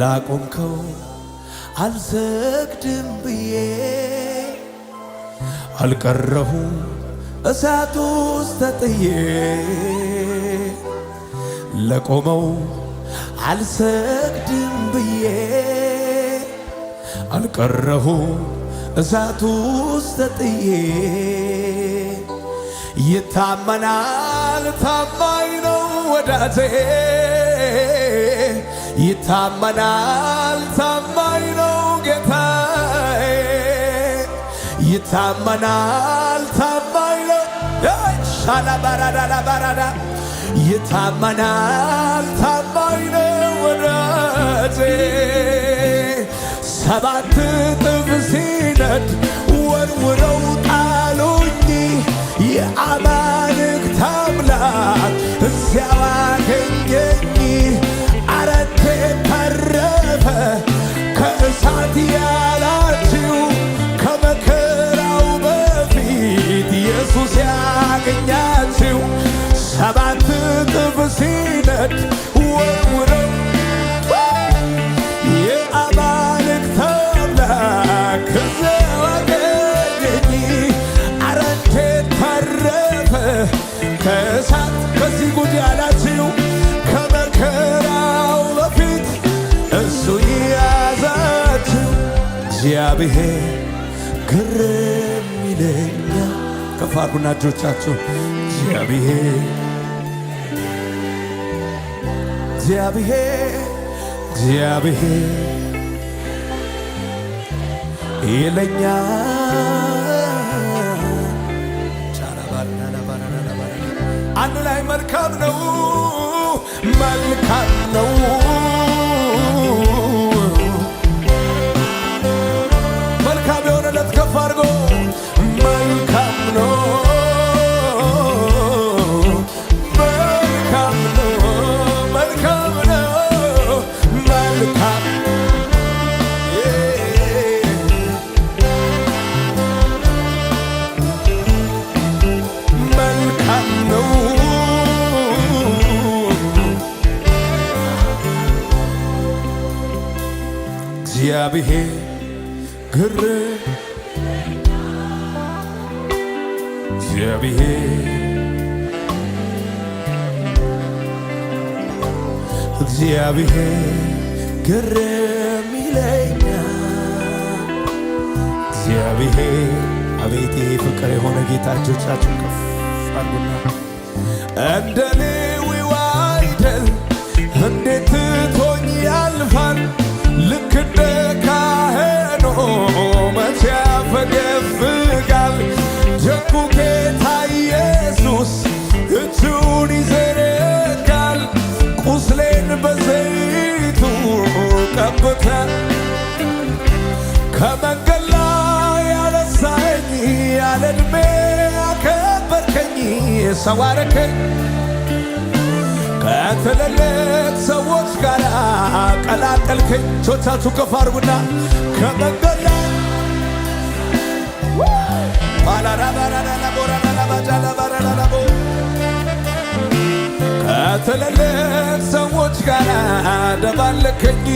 ላቆምከው አልሰግድም ብዬ አልቀረሁ እሳት ውስጥ ተጥዬ ለቆመው አልሰግድም ብዬ አልቀረሁ እሳት ውስጥ ተጥዬ ይታመናል ታማኝ ነው ወዳጄ ይታመናል ታማኝ ነው ጌታዬ፣ ይታመናል ታማኝ ነው ሻላባራዳላባራዳ ይታመናል ታማኝ ነው ወዳጄ ሰባት እጥፍ ሲነድ ወርውረው ጣሉኝ የአማልክት አምላክ እግዚአብሔር ግርም ይለኛል። ከፍ አድርጉና እጆቻችሁ እግዚአብሔር እግዚአብሔር እግዚአብሔር አንድ ላይ መልካም ነው መልካም ነው እግዚአብሔር ግር እግዚአብሔር እግዚአብሔር ግርም ይለኛል። እግዚአብሔር አቤት ይህ ፍቅር የሆነ ጌታ እጆቻችሁን ከፍ አድርጉና እንደ ሌዊው አይደል እንዴት መቼ ቁስሌን በዘይቱ ከመንገድ ላይ ያነሳኸኝ ያለ ዕድሜ ያከበርከኝ ሰው አረከኝ ከትልልቅ ሰው ጋር ቀላቀልከኝ። እጆቻችሁ ከፍ አድርጉና ከመንገድ ላይ ከትልልቅ ሰዎች ጋር ደባለከኝ።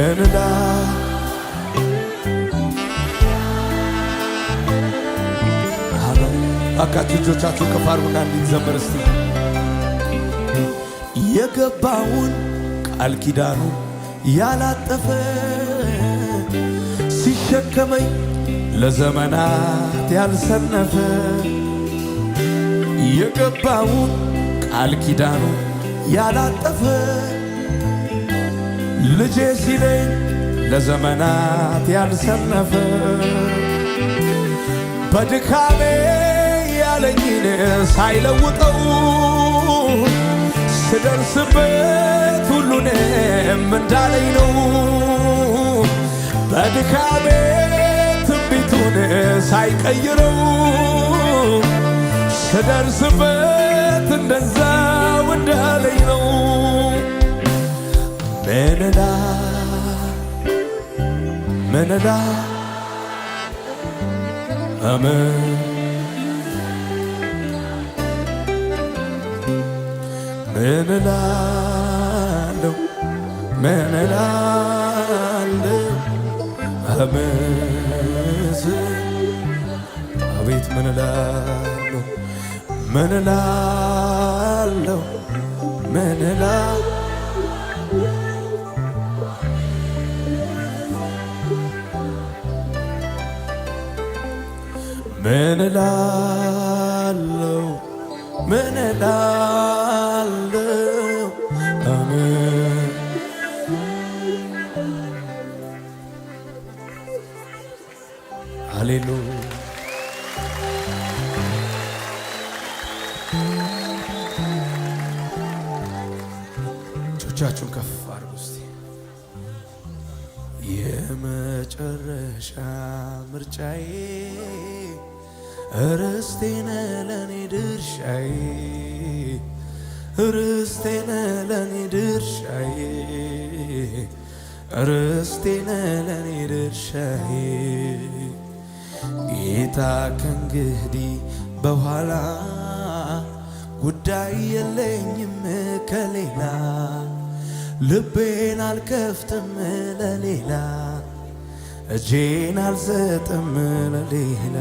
Canada አካችሁ እጆቻችሁ ከፍ አድርጉና እንዲዘመር እስቲ የገባውን ቃል ኪዳኑ ያላጠፈ ሲሸከመኝ ለዘመናት ያልሰነፈ የገባውን ቃል ኪዳኑ ያላጠፈ ልጄ ሲለኝ ለዘመናት ያልሰነፈ በድካሜ ያለኝን ሳይለውጠው ስደርስበት ሁሉንም እንዳለኝ ነው። በድካሜ ትንቢቱን ሳይቀይረው ስደርስበት እንደዛው እንዳለኝ ነው። ምንላ ምንላ አምን ምንላለው ምንላለው አመዝ አቤት ምንላለው ምንላለው ምንላ ምን እላለሁ ምን እላለሁ አሜን ሃሌሉ እጆቻችሁን ከፍ አድርጉ እስቲ የመጨረሻ ምርጫዬ ርስቴነ ለኔ ድርሻዬ ርስቴነ ለኔ ድርሻዬ ርስቴነ ለኔ ድርሻዬ ጌታ ከእንግዲህ በኋላ ጉዳይ የለኝም ከሌላ ልቤን አልከፍትም ለሌላ እጄን አልሰጥም ለሌላ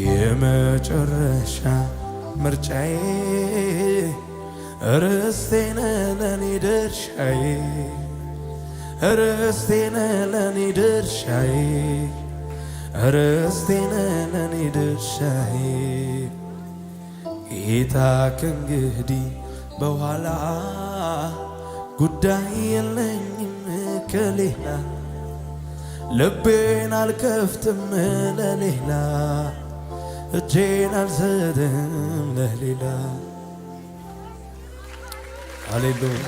የመጨረሻ ምርጫዬ ርስቴነ ለኔ ድርሻዬ ርስቴነ ለኔ ድርሻዬ ርስቴነ ለኔ ድርሻዬ ጌታ ከእንግዲህ በኋላ ጉዳይ የለኝም ከሌላ ልቤን አልከፍትም ለሌላ እጄን አልሰጥም ለሌላ። ሃሌሉያ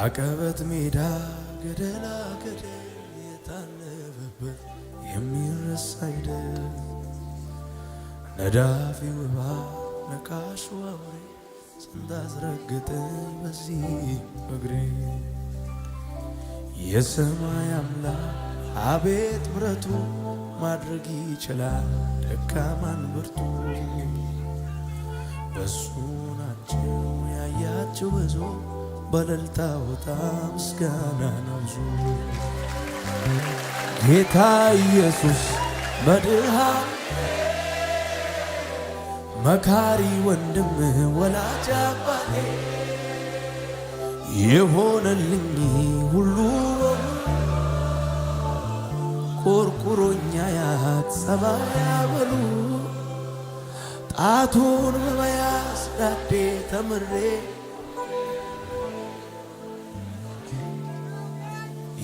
አቀበት ሜዳ ገደላ ገደል የታነበበት የሚረሳ አይደል ነዳፊ ውባ ነቃሽ አውሬ ስታስረግጠኝ በዚህ እግሬ የሰማይ አምላክ አቤት ምረቱ ማድረግ ይችላል ደካማን ብርቱ። በሱ ናቸው ያያቸው ብዙ በእልልታ ቦታ ምስጋና ነው ጌታ ኢየሱስ መድኃኔ መካሪ ወንድም ወላጅ አባቴ የሆነልኝ ሁሉ ቆርቁሮኛ ያት ሰባ ያበሉ ጣቱን በመያዝ ዳዴ ተምሬ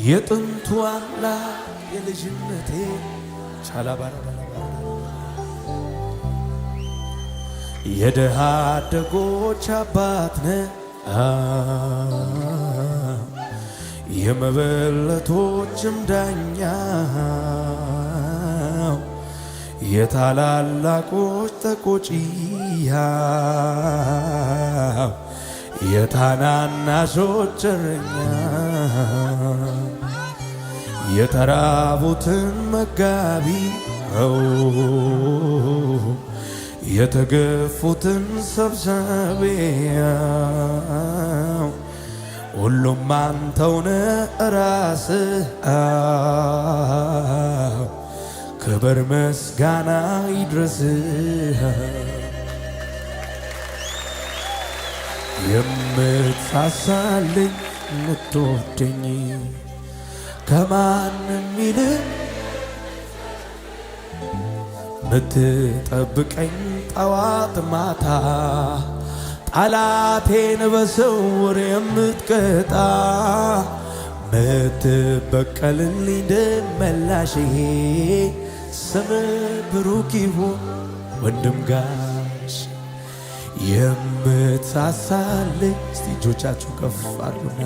የጥንቱ አምላክ የልጅነቴ ቻላባራ የድሃ አደጎች አባት ነ የመበለቶችም ዳኛ፣ የታላላቆች ተቆጪያ፣ የታናናሾች እረኛ፣ የተራቡትን መጋቢ ነው። የተገፉትን ሰብሳቢያው ሁሉም አንተውነ ራስህ ክብር ምስጋና ይድረስ የምትሳሳልኝ የምትወደኝ ከማንም ይልቅ ምትጠብቀኝ ጠዋት ማታ ጠላቴን በስውር የምትቀጣ ምትበቀልልኝ ድል ስም ስምህ ብሩክ ይሁን ወንድም ጋሽ የምትሳሳልኝ እስቲ እጆቻችሁ ከፍ አድርጉና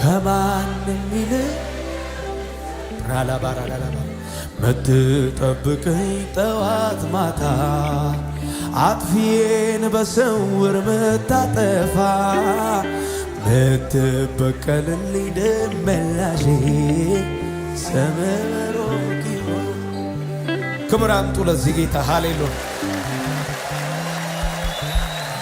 ከማንም ይልቅ ራላባ ምትጠብቀኝ ጠዋት ማታ አጥፊዬን በሰውር ምታጠፋ ምትበቀልልኝ ደም ሰመሮ ክብር አምጡ ለዚህ ጌታ ሃሌሉያ